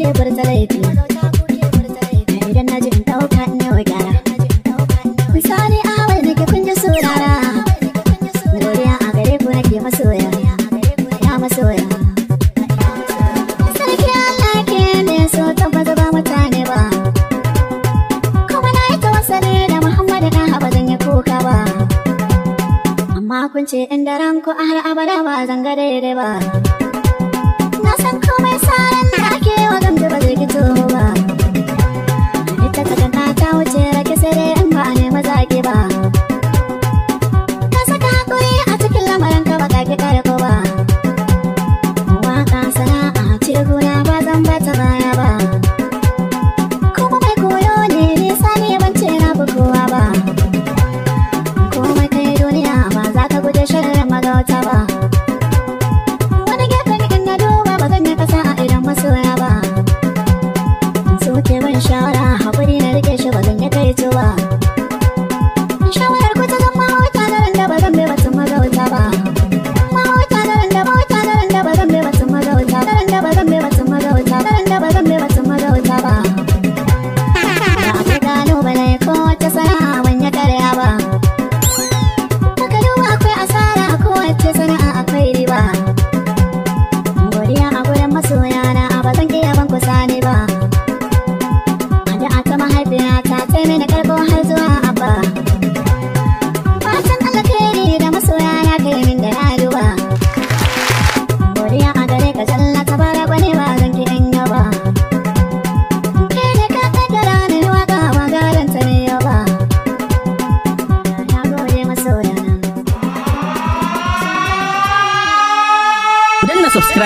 ke bar talaifi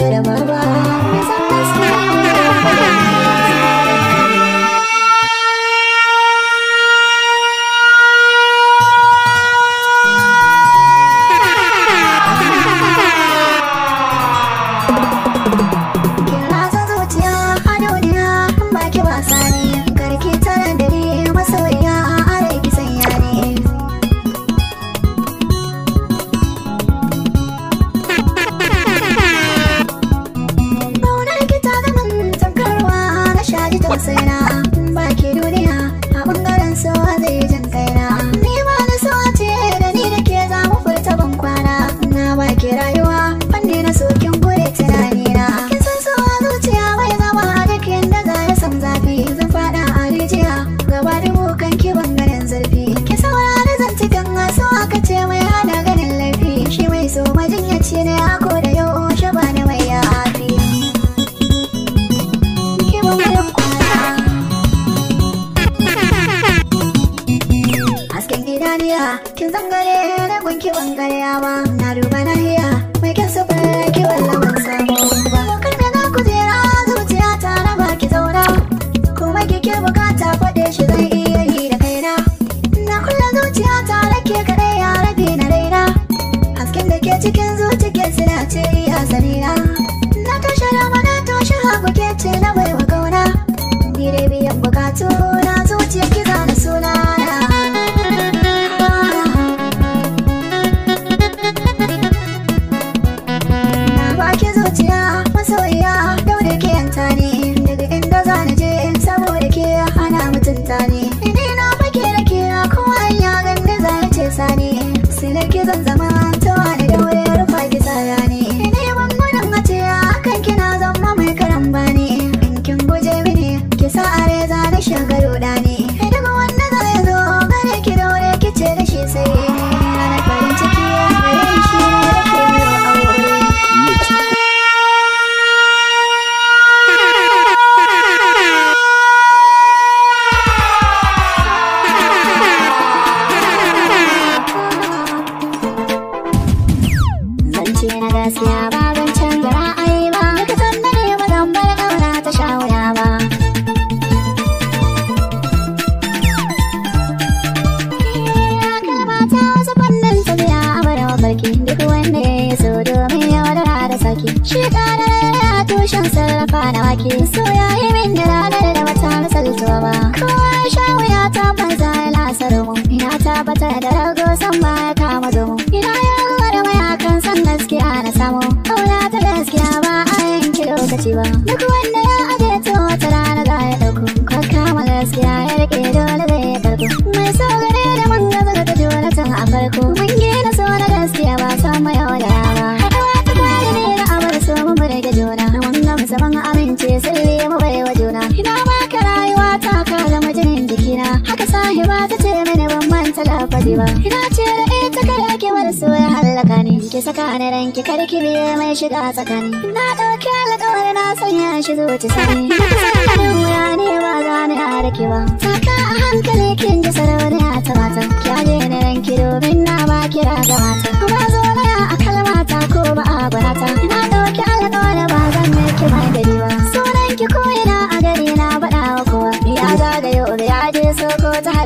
Hello, चले जा rawa na duba na mai kyan su bai kiwon lawan sabo ba kokar me na kujera zuciya ta na baki zauna kuma kike bukata faɗe shi zai iya yi da kaina na kulle zuciya ta rake kaɗai ya rabe na raina hasken da ke cikin zuciya suna ce asali na na toshe rama na toshe hagu ke ce na baiwa da rago san ma ka ina ya ruwa da mayakan san gaskiya na samu kauna ta gaskiya ba a yanke lokaci ba duk wanda ya aje to wata rana za ya dauko ka kama gaskiya ya rike dole zai ya karko mai saurare da man gaza ga ta jonatan a farko ba ina ce da ita kar ake so ya hallaka ni ki saka ni ranki kar ki biye mai shiga tsakani na dauke alƙawari na sanya shi zuci sani wuya ne ba za ni a rake ba saka a hankali kin ji sarauniya ta mata ki aje ni ranki domin na ba kira ga mata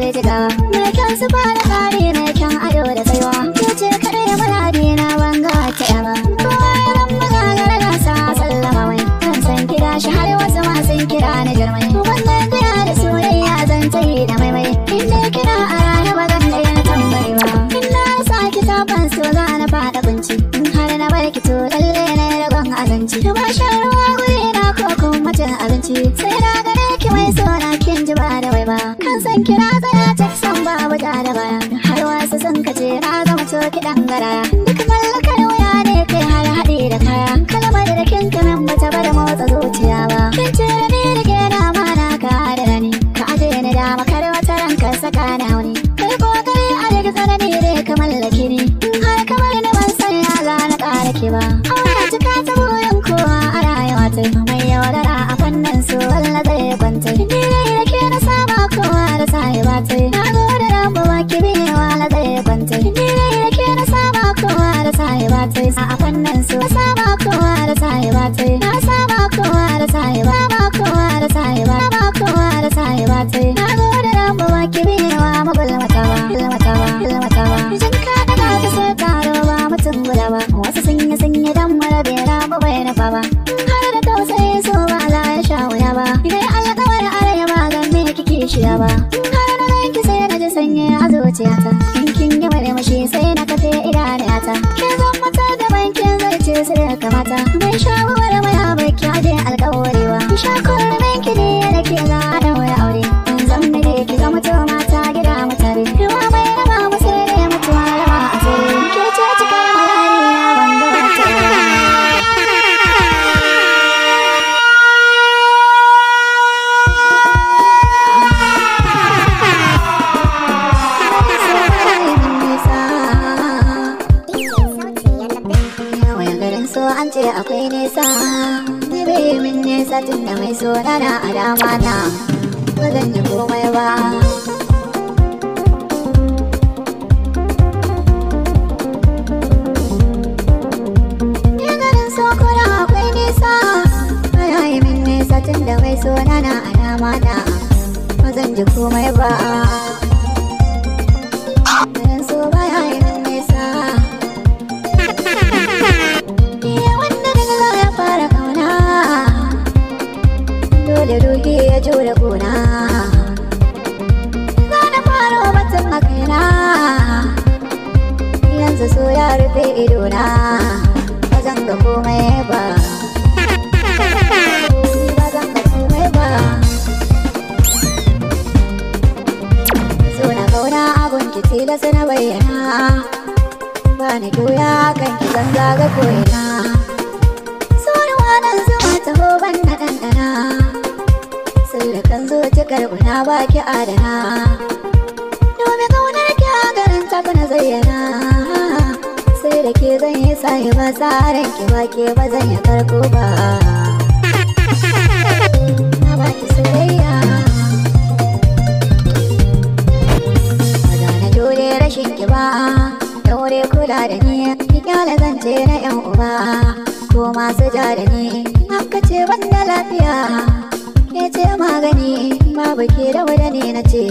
mijita mai kyan su fara tsari mai kyan ado da tsayuwa ke ce kaɗai da muradi na banga ta yaba kowa ya lamba gagara na sa sallama mai kan san kira shi har wasu ma sun kira ni jirmai wannan kira da soyayya zan ta yi da maimai inda kira a rana ba zan ɗaya na tambayi ba in na sake sabon so za na faɗa kunci in har na barki to lalle na yi ragon azanci ba shan ruwa guri na ko kuma cin abinci sai da baya har wasu sun kace ka zama coki dan gara duk mallakar wuya ne ke har haɗe da kaya ji sanye a zuciyata Kinkin yi murmushi sai na kafe idaniyata Ke zan mata da bankin zai ce sai ya kamata mai sha mai abaki a je alkawarewa Sha so an ce akwai nesa ni min nesa tun da mai so rana a dama na ba zan yi komai ba ni ganin so kura akwai nesa ana yi min nesa tun da mai so rana a dama na ba zan ji komai ba da ruhi ya jure kuna za na faro batun a kaina yanzu so ya rufe idona ba zan ga komai ba so na na bayyana ba ni doya kan ki zan zaga koyina ki karɓuna ba ki adana domin kaunar ki a garin tafi na zayyana sai da ke zan yi sayi ba tsarin ki ba ke ba zan yi karko ba na baki soyayya ba jure rashin ki ba daure kula da ni ki kyala zance na yan uba ko masu ja da ni ce ban da lafiya ne ce magani ma baki da wada ne na ce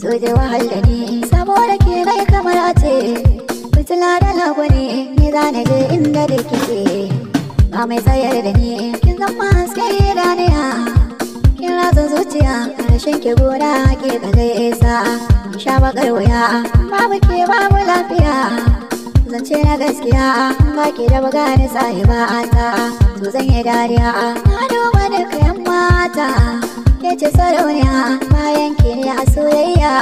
so da wahal da saboda ke na kamar a ce fitila da lagwani ni za na je inda da kike ba mai tsayar da ni kin zama haske idaniya kin ratsa zuciya karshen ki gona ke ka isa sha bakar wuya babu ke babu lafiya zance na gaskiya ba ki da magana a ta to zan yi dariya a duba duka kayan mata ke ce sarauniya bayan ki ne a soyayya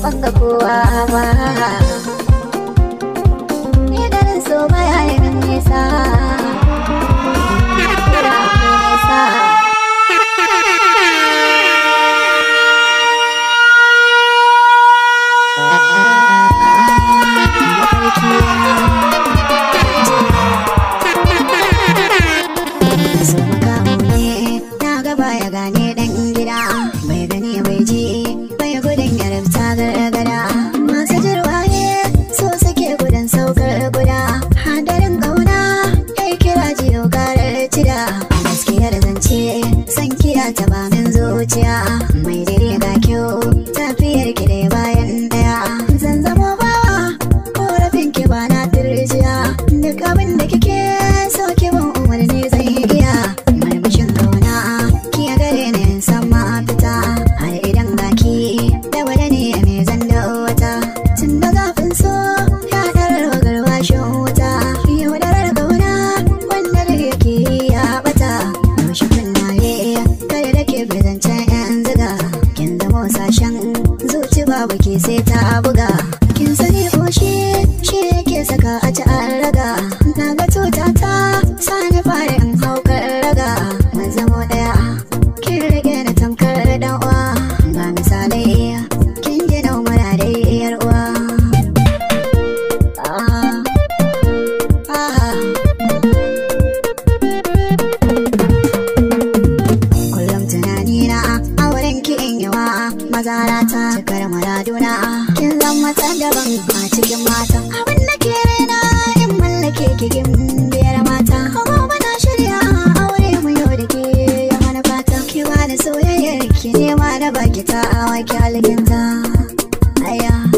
ban ga kowa ba ni ganin so baya ne nisa 天大，哎呀！